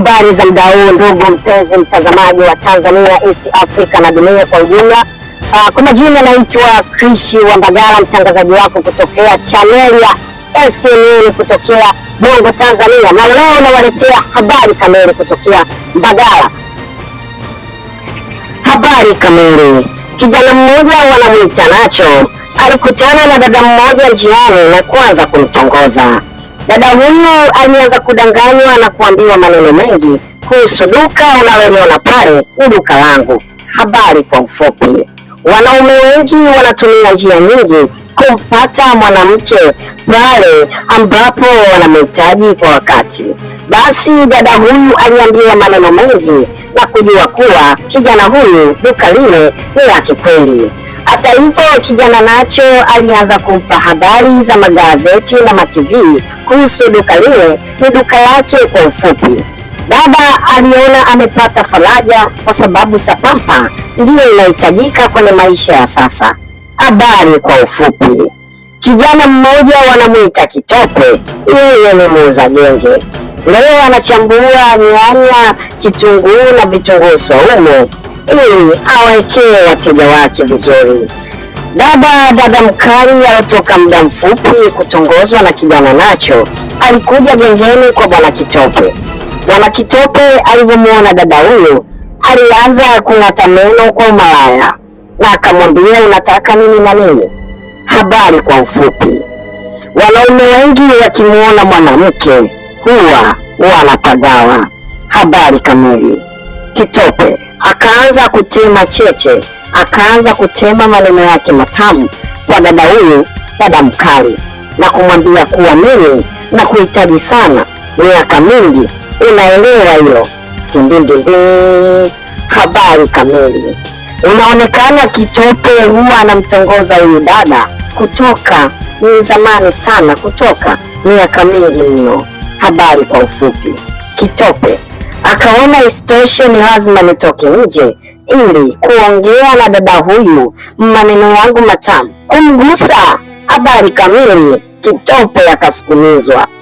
Habari za mda huu ndugu mpenzi mtazamaji wa Tanzania, East Africa na dunia kwa ujumla. Ah, kwa majina naitwa Krishi wa Mbagala, mtangazaji wako kutokea chaneli ya SNN kutokea Bongo Tanzania, na leo nawaletea habari kamili kutokea Mbagala. Habari kamili. Kijana mmoja wanamwita Nacho alikutana na dada mmoja njiani na kuanza kumtongoza Dada huyo alianza kudanganywa na kuambiwa maneno mengi kuhusu duka unaloliona pale ni duka langu. Habari kwa ufupi, wanaume wengi wanatumia njia nyingi kumpata mwanamke pale ambapo wanamhitaji kwa wakati. Basi dada huyu aliambiwa maneno mengi na kujua kuwa kijana huyu duka lile ni lake kweli. Hata hivyo, kijana Nacho alianza kumpa habari za magazeti na mativi kuhusu duka lile, ni duka lake kwa ufupi. Baba aliona amepata faraja kwa sababu sapapa ndiyo inahitajika kwenye maisha ya sasa. Habari kwa ufupi, kijana mmoja wanamwita Kitope, yeye ni muuza genge. Leo anachambua nyanya, kitunguu na vitunguu saumu ili awaekee wateja wake vizuri. Dada dada mkali alitoka muda mfupi kutongozwa na kijana Nacho, alikuja gengeni kwa bwana Kitope. Bwana Kitope alivyomwona dada huyo alianza kung'ata meno kwa umalaya na akamwambia, unataka nini na nini? Habari kwa ufupi. Wanaume wengi wakimwona mwanamke huwa wanapagawa. Habari kamili. Kitope akaanza kutema cheche, akaanza kutema maneno yake matamu kwa dada huyu, dada mkali, na kumwambia kuwa mimi na kuhitaji sana miaka mingi, unaelewa hilo? Tindindindi, habari kamili. Unaonekana Kitope huwa anamtongoza huyu dada kutoka ni zamani sana, kutoka miaka mingi mno. Habari kwa ufupi, Kitope akaona isitoshe ni lazima nitoke nje ili kuongea na dada huyu maneno yangu matamu kumgusa. Habari kamili, Kitope akasukumizwa.